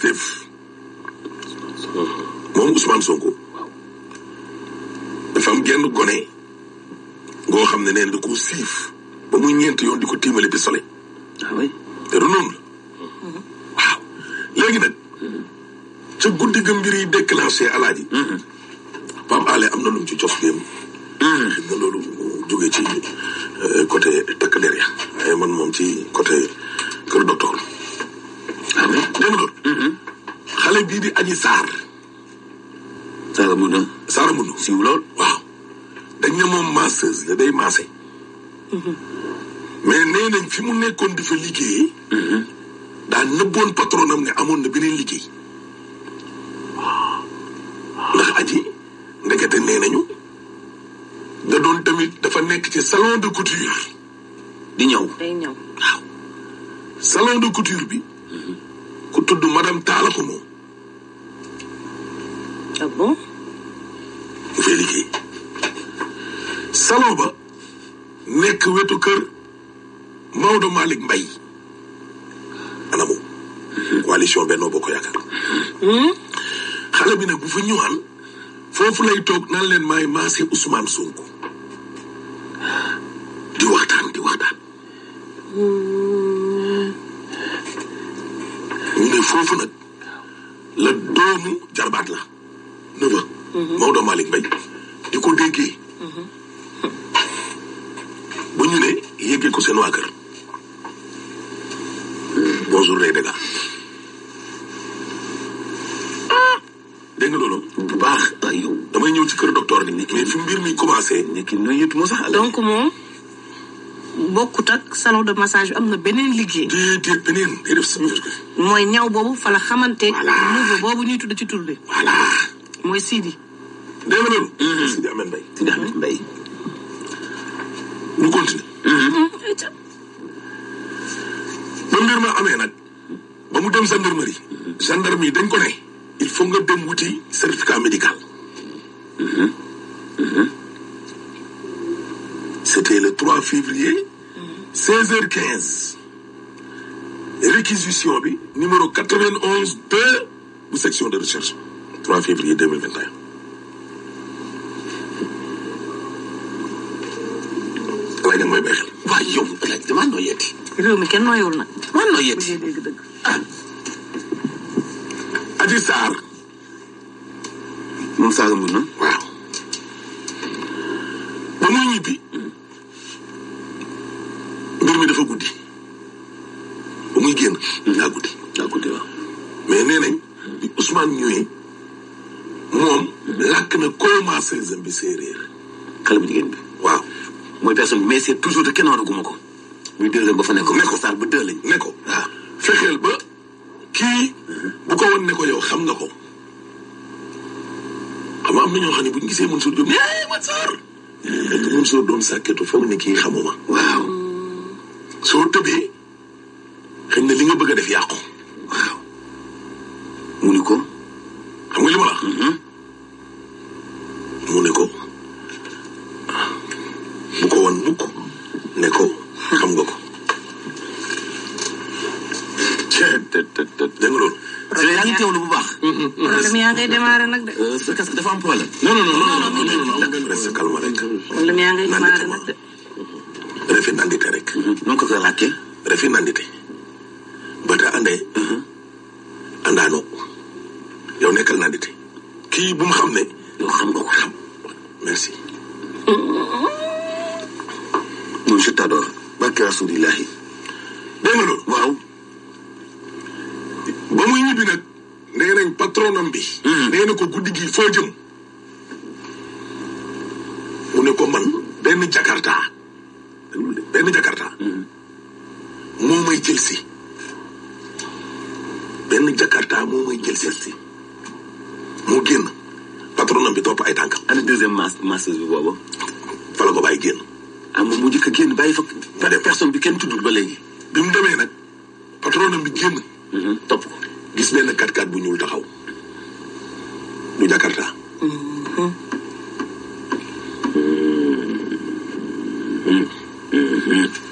Pastef moom Ousmane Sonko dafa am genn gone ngoo xam ne neen da ko siif ba muy ñeent yoon di ko tiimale pistolet ah te du la léegi nag ca guddi ga mbir yi déclenché alaaji Pape Alé am na lu ci cof néem xëy na loolu jógee ci euh, côté takk der ya waaye eh, man moom ci côté kër docteur dégg nga. xale bii di aji saar. saara mun ne. saara mu ne siiw lool. waaw dañ ne moom masseuse la day maase. mais nee nañ fi mu nekkoon di fa liggéey. daa nëbboon patron ne amoon na beneen liggéey. ndax aji ndekete nee nañu. da doon tamit dafa nekk ci salon de couture. di ñëw day salon de couture bi. tudd madame Talla Xuma. ah bon. mu liggéey. salon ba nekk wetu kër Maodo Malick Mbaye anamu. Mhm. coalition Benno Bokk Yaakaar. Hmm? xale bi nag bu fa ñëwaan foofu lay toog nan leen maay maase Ousmane Sonko. foofu nag la doomu jarbaat la neveu mhm. Maodo Malick Mbaye di ko déggee mhm. bu ñu ne yëggee ko seen waa kër bonjour les dégâts ah! dégg nga loolu bu baax ah, yow damay ñëw ci kër docteur ni mais fu mbir mi commencé. nekk na yëpp moo sax donc moom bokkut ak salon de massage am na beneen liggéey. déedéet mooy ñaw boobu fa la xamante. voilà niveau boobu ñuy tudd ci tur bi. mooy Sidi. dégg nga loolu. Mm-hmm. Sidi Ahmed Mbaye. Sidi continuer. Mm-hmm. ba ma amee nag ba mu dem gendarmerie. Mm-hmm. gendarmerie dañ ko ne. il faut nga dem wuti certificat médical. C'était le 3 février seize heures quinze réquisition bi numéro quatre vingt onze b bu section de recherche 3 février 2021 alaaj nag mooy bay xel waaw yow alaaj damaa noo yeeti réew mi kenn nooyewul nag damaa noo yeeti ah Adji Sarr moom saaga mbuñ na Manuel moom làkk na commencéism bi séeréer. xale bu jigéen bi. waaw mooy personne mais c'est toujours te kenn waraguma ko. muy deuxième ba fa nekkoon. ne ko saal ba deux lañ. ne ko waaw ah. fexeel ba kii. Mm-hmm. bu ko won ne ko yow xam nga ko. xam am na ñoo xam ne buñ gisee Mansour Diop ne Mansour. fekk mm-hmm. Mansour doon sàkketu foog ne kii xamuma. waaw soo tëbee xëy na li nga bëgg a def yàqu. waaw mu ni ko. sa kas dafa am problème. non non non rek. nandite ma refi nandite rek. non ko laajte. bata ande. andaano. yow nekkal nandite. kii bu mu xam ne. yow xam nga ko xam. merci. non je t'adore. waaw. ba muy ñibbi nag. nee nañ patronam bi. foo jëm mu ne ko man benn jakarta benn jakarta moo may jël si benn jakarta moo may jël si mu génn patronam bi topp ay tànkam ana deuxième masse masse bi boobu fa la ko génn ah moom mu njëkk a génn bàyyi fa nga dem bi kenn tuddul ba léegi bi mu demee nag patronam bi génn mhm, topp ko gis benn kat-kat bu ñuul taxaw Jakarta.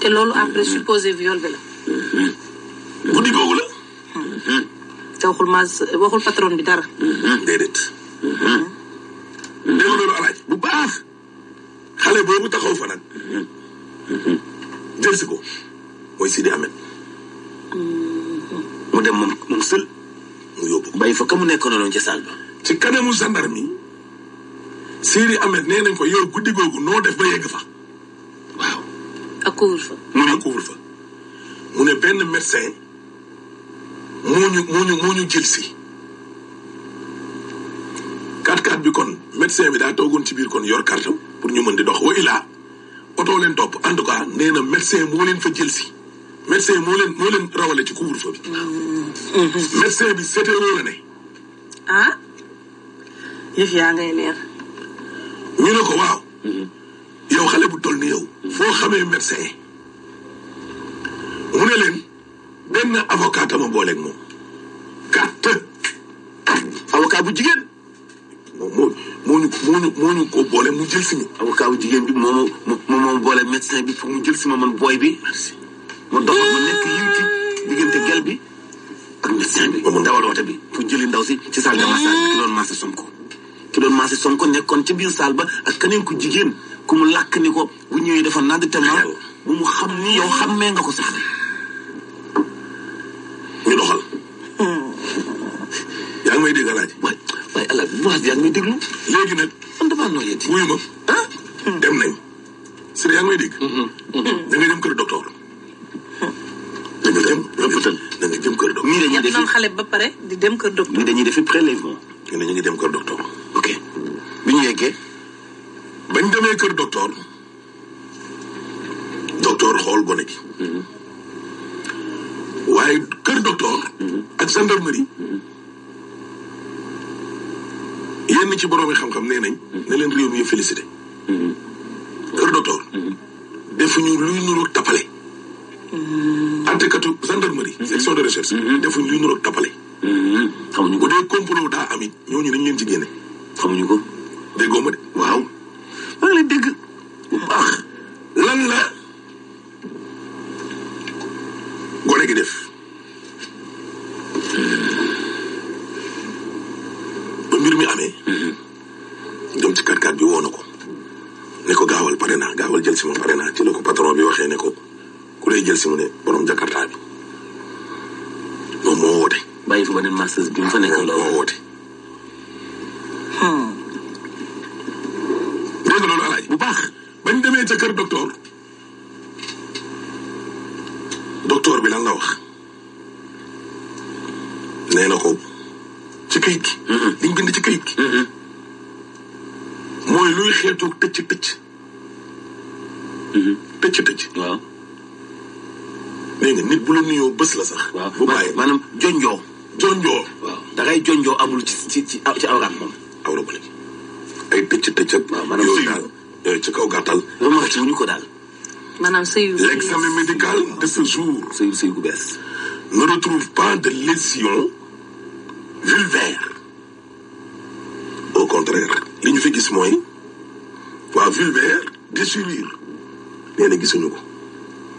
te loolu après supposé viol bi la. guddi googu la. te waxul ma waxul patron bi dara. déedéet. dégg loolu alaaj bu baax xale boobu taxaw fa nag jël si ko mooy Sidi mm-hmm. mu dem moom moom sël mu yóbbu. bàyyi fa ka mu nekkoon noonu ci ci kanamu gendarme yi Siri Ahmed nee nañ ko yow guddi googu noo def ba yegg fa waaw. ak couvre-feu. mu ne mu ne benn médecin moo ñu moo ñu moo ñu si. quatre bi kon médecin bi daa toogoon ci biir kon yor carte pour ñu di dox wa ilaa oto leen topp en tout cas nee na médecin moo leen fa jël si. médecin moo leen moo leen rawale ci couvre-feu bi. Mm-hmm. médecin bi seetee woo la ne. Ah? yëf yaa ngay leer. ñu ne ko waaw. Mhm. yow xale bu toll ni yow. Mhm. foo xamee médecin mu ne leen benn avocat dama booleeg moom. kàtt. avocat bu jigéen. moom moo moo ñu moo ñu moo ñu ko boole mu jël si ñu. avocat bu jigéen bi moom moom moo boole médecin bi pour mu jël si man booy bi. merci ma dox ma nekk yiwti diggante gel bi ak médecin bi. ba mu ndawal woote bi pour jëli ndaw si ci salle de massage bi ki doon massage Sonko. ku doon maase Sonko nekkoon ci biir saal ba ak keneen ku jigéen ku mu làkk ni ko bu ñëwee dafa naan te ma bu mu xam ni yow xammee nga ko sax. ñu doxal. Hmm. yaa ngi may dégg alaaji. waay waay alaaji déglu. léegi nag. man damaa noyyati. wuyu ma ah? dem nañ. Sëriñ yaa ngi may dégg. Hmm, hmm, da ngay dem kër docteur. da nga dem rëppatal dañuy defi xale ba pare di dem kër docteur. ñii dañuy defi prélèvement. ñu ne ñu ngi dem kër bañ demee kër docteur docteur xool gone gi mm-hmm. waaye kër docteur mm-hmm. ak gendarmerie yenn ci boroomi xam-xam nee nañ mm-hmm. ne leen réew mi yëpp félicité kër docteur defuñu luy nuru tappale antekatu gendarmerie section de recherche defuñu luy nuru tappale xamuñu ko bu dee complot daa amit ñooñu dañ leen ci génne xamuñu ko woo na ko nekko ko gaawal pare naa gaawal jël si ma pare naa ci la ko patron bi waxee ne ko ku lay jël si mu ne borom jakarta bi moom moo woote. bàyyi bi mu fa nekkal hmm. nga bu baax bañ demee ca kër docteur bi lan la wax nee na ko ci kayit gi. Hmm. liñ ci kayit mooy luy xeetoog pëcc pëcc. Mhm. pëcc pëcc. waaw. nit bu la nuyoo bës la sax. waaw bu bàyyi maanaam jonjoo. jonjoo. waaw jonjoo amul ci ci ci ci moom. awra ba léegi ay pëcc pëcc ak. ci kaw gàttal. loolu ko daal. maanaam sëyu l'examen médical de ce jour. sëyu sëyu gu bees. ne retrouve pas de lésion vulvaire. contraire li ñu fi gis mooy waa vulvaire déchirure nee na gisuñu ko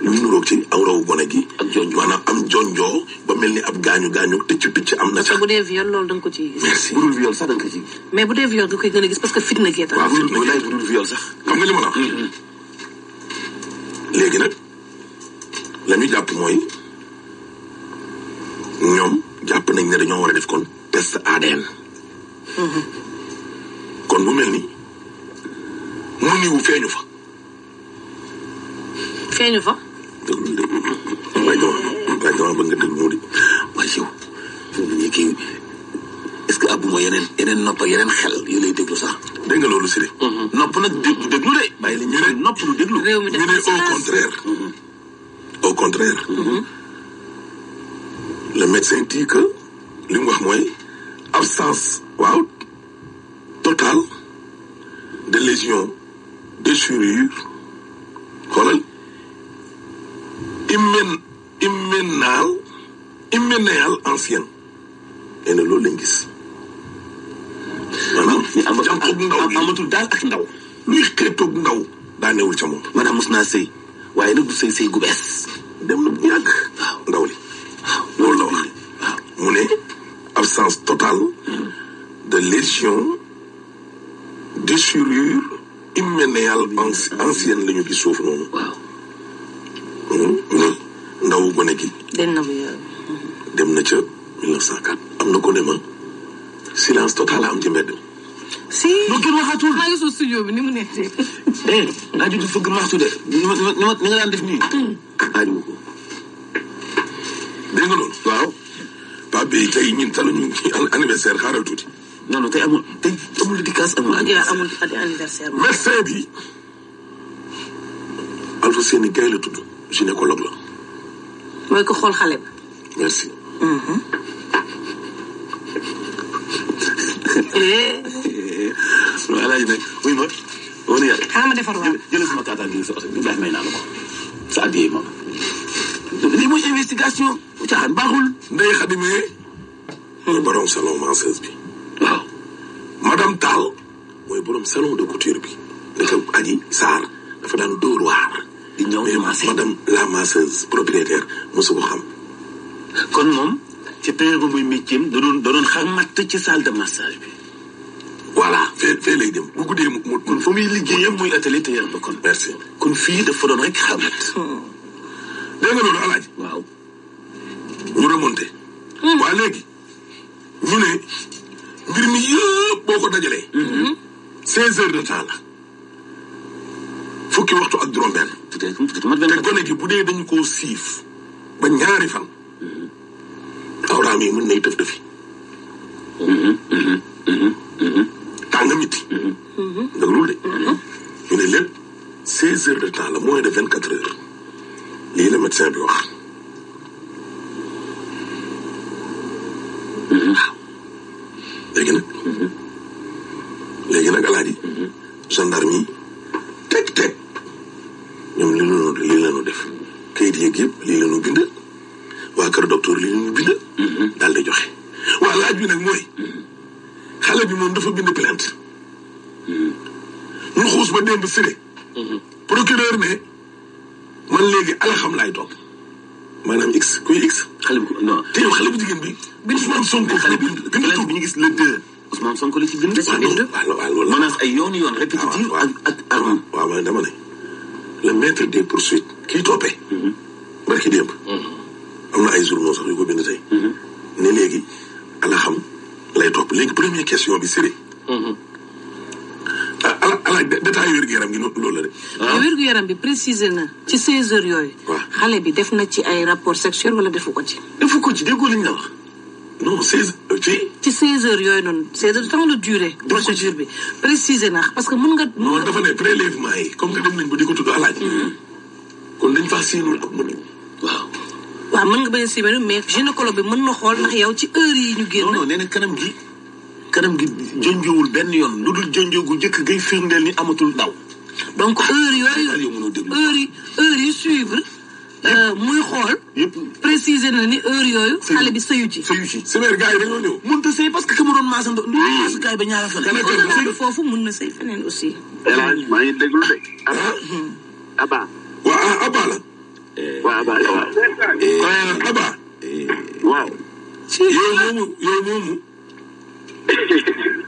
lu ñu ci aw raw gone gi. ak jonjoo maanaam am jonjoo ba mel ni ab gaañu gaañu tëcc picc am na sax. bu dee viol loolu da nga ko ciy gis. merci bu sax da nga ko ciy gis. mais bu dee viol nga koy gën a gis parce que fitna gee tax. waaw fitna gee tax bu dul xam nga li ma la mm-hmm. léegi nag la ñu jàpp mooy ñoom jàpp nañ ne dañoo war a def kon test ADN. Mm-hmm. kon mu mel ni mu niwu feeñu fa. feeñu fa. waaye dama waaye dama bëgg nga déglu moo di waaye yow kii est-ce que abuma yeneen yeneen nopp yeneen xel yu lay déglu sax. dégg loolu si de. Mhm. nopp nag déglu déglu de. bàyyi la ñu nopp lu déglu. réew mi def na mhm. au contraire. au mhm. contraire. le médecin dit que wax mooy absence waaw. totale de lésions déchirures xoolal hymen hyménal hyménéal ancienne nee loolu lañ gis. maanaam jànqoog ndaw bi amatul daal ak ndaw. luy xeetoog ndaw. daa newul ca moom. maanaam mos naa sëy waaye nag du sëy sëy gu dem na ndaw li. waaw loolu mu ne absence totale de lésions. déchirure imménéale ancienne la ñu gis suuf noonu. waaw. Hmm? Hmm? ndaw gone gi. dem na dem na ca 1904. am na ko ne ma silence total am ci mbedd. si lu kenn waxatul. maa ngi suuf studio bi ni mu nekkee. eh naa judd fëgg maxtu de ni ma ni ma ni nga daan def nii. aaju ko. dégg nga loolu. waaw. Pape bi tey ñun taluñu anniversaire xaaral tuuti. non non tey amul tey amul dédicace amul. amul anniversaire amul. médecin bi Alfousseyni Gaye la tudd gynécologue la. mooy ko xool xale ba. merci. waaw El Hadj nag wuyu ma. wala yàlla xaaral ma defar waat jëlee sama kàttan gi sa oto bi may naa la ko sa addiya ma. lii mooy investigation. caaxaan baaxul. ndey xadimee. Hmm. borom salon masseuse bi. ñoom salon de couture bi dafa aji saar dafa daan dóor waar. di ñëw mais madame la masseuse propriétaire mosu ko xam. kon moom ci tailleur ba muy métier da doon da doon xam ci salle de massage bi. voilà fee fee lay dem bu guddee mu mu kon fa muy kon. merci kon fii dafa doon rek xam matt. dégg nga loolu alaaj waaw. Hmm. waa léegi ñu ne mi yëpp boo ko dajalee. Hmm. seize heures de temps la fukki waxtu ak juróom-benn. te gone gi bu dee dañu koo siif ba ñaari fan. awraam yi mën nay def defi. tàng miti. déglu de. ñu ne lépp seize heures de temps la moins de vingt quatre heures lii la médecin bi wax. gendarmerie teg teg ñoom li lanu lii lanu def kayit yéeg yëpp lii lanu bindal waa kër docteur lii lanu bind mhm. daal di joxe waa laaj bi nag mooy xale bi moom dafa bind plainte mhm. ñu xuus ba démb sire mhm. procureur ne man léegi alaxam laay topp maanaam x kuy x te yow xale bu jigéen bi bi Ousmane Sonko xale ko li ci bind. menace ay yoon yoon répétitive ak ak arme. waaw waaw dama ne le maître des poursuites kii toppee. Mhm. barki démb. Mhm. am na ay journaux sax yu ko bind tey. Mhm. ne léegi ala xam lay topp léegi première question bi sëriñ. ah ala ala détail yaram gi loolu la de. waaw ah. wér gu yaram bi précisé na ci 16 heures yooyu. waaw xale bi def na ci ay rapport sexuel wala defu ko ci. defu ko ci déggoo lañ la non 16 euh, ci. ci 16 yooyu noonu c' est le temps de durée. procédure bi préciser parce que mun nga. non di ko tudd alaaj. Mm-hmm. kon dañ faa siinul ak mënuñ waaw. waaw mën nga bañ a siimee mën na xool ndax yow ci heure yi ñu génn. non non nee na kanam gi kanam gi jonjowul benn yoon lu dul jonjo gu njëkk ngay firndeel ni amatul ndaw. donc heure yooyu heure suivre. Euh, muy xool. préciser na ni heure yooyu. xale bi sëyu ci sëyu ci. sévère gars yi dañoo ñëw. mënut a sëy parce que Cameroun maa sant. Ah. du maasu gars yi ba ñaara fële. kon foofu mun na sëy feneen aussi. El Hadj maa ngi déglu de. Aba. Hmm. waaw ah, Aba la. Eh. Eh. Eh. waaw Aba la waaw. Aba. waaw. yow moomu yow moomu.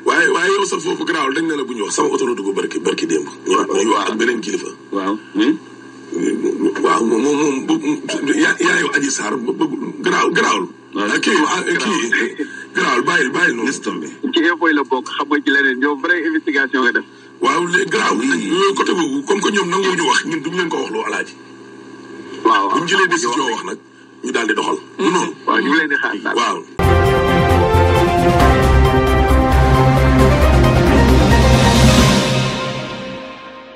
waaye waaye yow sax foofu garaawul dañ ne la bu ñu wax sama oto la dugg barki barki démb. ñu wax ak beneen kilifa. waaw. Hmm? waaw moom moom yaayu Adji Sarr bëggul garaaw garaawul. waaw ah, kii ah, kii garaawul bàyyil bàyyil noonu. ci info yi la bokk xam nga ci leneen yow vrai investigation nga def. waaw léegi garaaw nañ côté boobu comme que ñoom nanguwuñu wax ñun duñu leen ko wax loo alaaji. waaw waaw buñ jëlee décision wax nag ñu daal di doxal. Hmm. noonu waaw.